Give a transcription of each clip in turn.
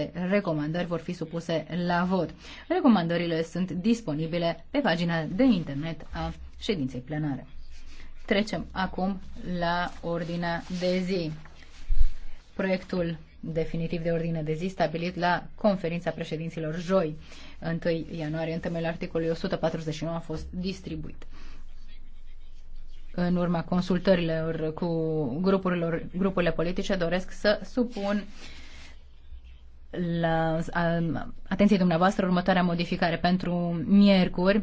aceste recomandări vor fi supuse la vot. Recomandările sunt disponibile pe pagina de internet a ședinței plenare. Trecem acum la ordinea de zi. Proiectul definitiv de ordine de zi stabilit la conferința președinților joi, 1 ianuarie, în temele articolului 149 a fost distribuit în urma consultărilor cu grupurile politice, doresc să supun la atenție dumneavoastră următoarea modificare pentru miercuri.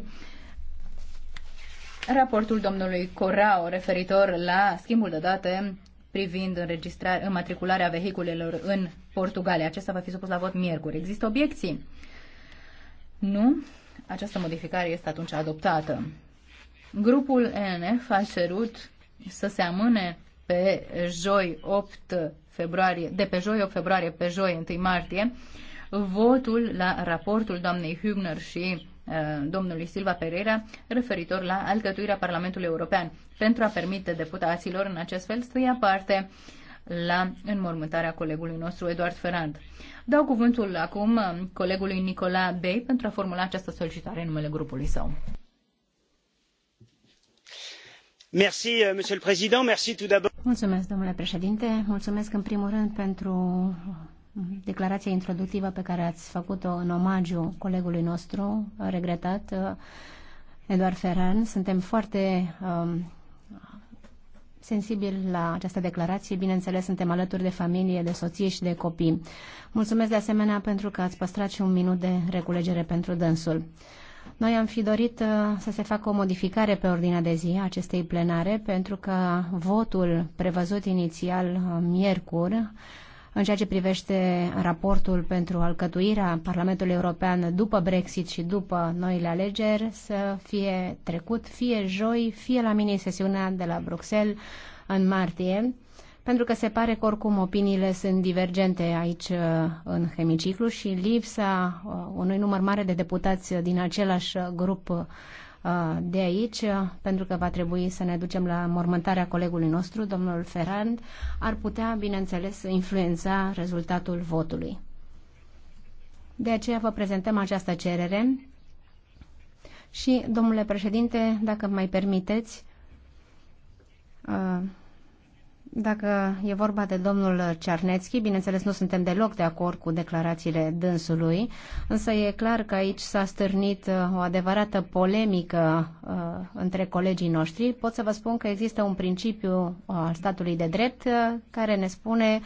Raportul domnului Corao referitor la schimbul de date privind înregistrarea, înmatricularea vehiculelor în Portugalia. Acesta va fi supus la vot miercuri. Există obiecții? Nu? Această modificare este atunci adoptată. Grupul ENF a cerut să se amâne pe joi 8 februarie, de pe joi, 8 februarie pe joi, 1 martie, votul la raportul doamnei Hübner și uh, domnului Silva Pereira referitor la alcătuirea Parlamentului European pentru a permite deputaților în acest fel să ia parte la înmormântarea colegului nostru Eduard Ferrand. Dau cuvântul acum uh, colegului Nicola Bey pentru a formula această solicitare în numele grupului său. Merci, uh, monsieur le président. Merci tout d'abord. Mulțumesc, domnule președinte. Mulțumesc în primul rând pentru declarația introductivă pe care ați făcut-o în omagiu colegului nostru, regretat, Eduard Ferran. Suntem foarte um, sensibili la această declarație. Bineînțeles, suntem alături de familie, de soție și de copii. Mulțumesc de asemenea pentru că ați păstrat și un minut de reculegere pentru dânsul. Noi am fi dorit uh, să se facă o modificare pe ordinea de zi a acestei plenare pentru că votul prevăzut inițial uh, miercuri în ceea ce privește raportul pentru alcătuirea Parlamentului European după Brexit și după noile alegeri să fie trecut fie joi, fie la mini-sesiunea de la Bruxelles în martie pentru că se pare că oricum opiniile sunt divergente aici uh, în hemiciclu și lipsa uh, unui număr mare de deputați din același grup uh, de aici, pentru că va trebui să ne ducem la mormântarea colegului nostru, domnul Ferrand, ar putea, bineînțeles, influența rezultatul votului. De aceea vă prezentăm această cerere și, domnule președinte, dacă mai permiteți, dacă e vorba de domnul Cernețchi, bineînțeles nu suntem deloc de acord cu declarațiile dânsului, însă e clar că aici s-a stârnit uh, o adevărată polemică uh, între colegii noștri. Pot să vă spun că există un principiu uh, al statului de drept uh, care ne spune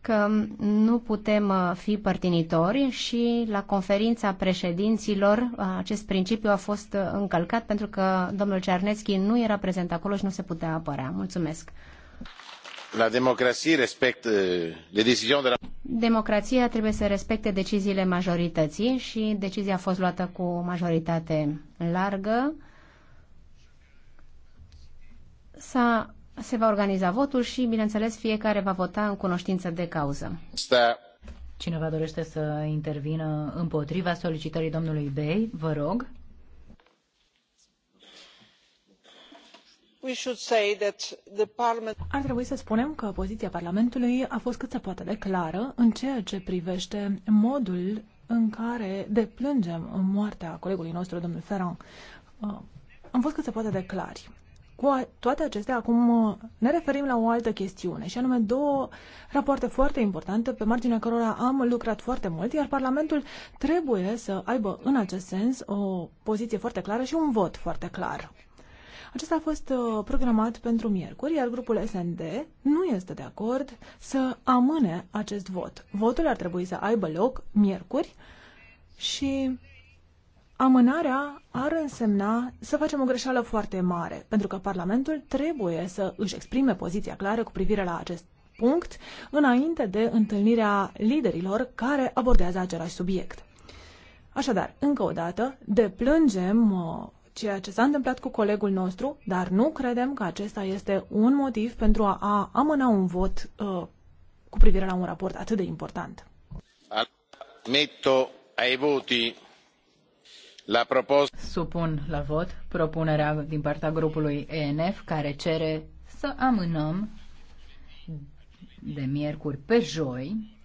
că nu putem uh, fi părtinitori și la conferința președinților acest principiu a fost încălcat pentru că domnul Cernețchi nu era prezent acolo și nu se putea apăra. Mulțumesc! La democrație respect uh, le decizii de la... Democrația trebuie să respecte deciziile majorității și decizia a fost luată cu majoritate largă. S-a, se va organiza votul și, bineînțeles, fiecare va vota în cunoștință de cauză. Sta... Cineva dorește să intervină împotriva solicitării domnului Bey, vă rog. Ar trebui să spunem că poziția Parlamentului a fost cât se poate de clară în ceea ce privește modul în care deplângem moartea colegului nostru, domnul Ferrand. Uh, am fost cât se poate de clari. Cu toate acestea, acum uh, ne referim la o altă chestiune, și anume două rapoarte foarte importante pe marginea cărora am lucrat foarte mult, iar Parlamentul trebuie să aibă în acest sens o poziție foarte clară și un vot foarte clar. Acesta a fost uh, programat pentru miercuri, iar grupul SND nu este de acord să amâne acest vot. Votul ar trebui să aibă loc miercuri și Amânarea ar însemna să facem o greșeală foarte mare, pentru că Parlamentul trebuie să își exprime poziția clară cu privire la acest punct înainte de întâlnirea liderilor care abordează același subiect. Așadar, încă o dată, deplângem uh, ceea ce s-a întâmplat cu colegul nostru, dar nu credem că acesta este un motiv pentru a, a amâna un vot uh, cu privire la un raport atât de important. Metto ai voti la propos... Supun la vot propunerea din partea grupului ENF care cere să amânăm de miercuri pe joi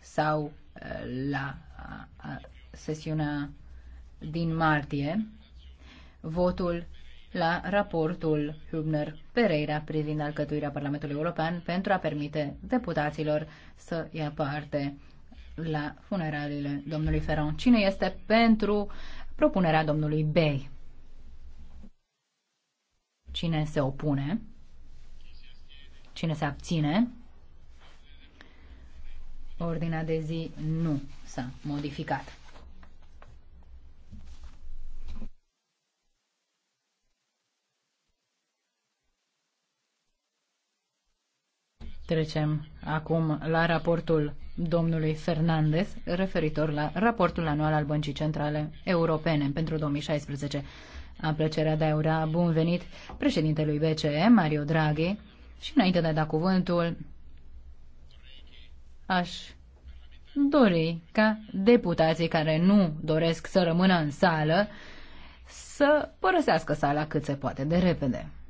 sau uh, la uh, uh, sesiunea din martie votul la raportul Hübner-Pereira privind alcătuirea Parlamentului European pentru a permite deputaților să ia parte la funeraliile domnului Ferron. Cine este pentru propunerea domnului Bey? Cine se opune? Cine se abține? Ordinea de zi nu s-a modificat. Trecem acum la raportul domnului Fernandez referitor la raportul anual al Băncii Centrale Europene pentru 2016. Am plăcerea de a ura bun venit președintelui BCE, Mario Draghi, și înainte de a da cuvântul, aș dori ca deputații care nu doresc să rămână în sală să părăsească sala cât se poate de repede.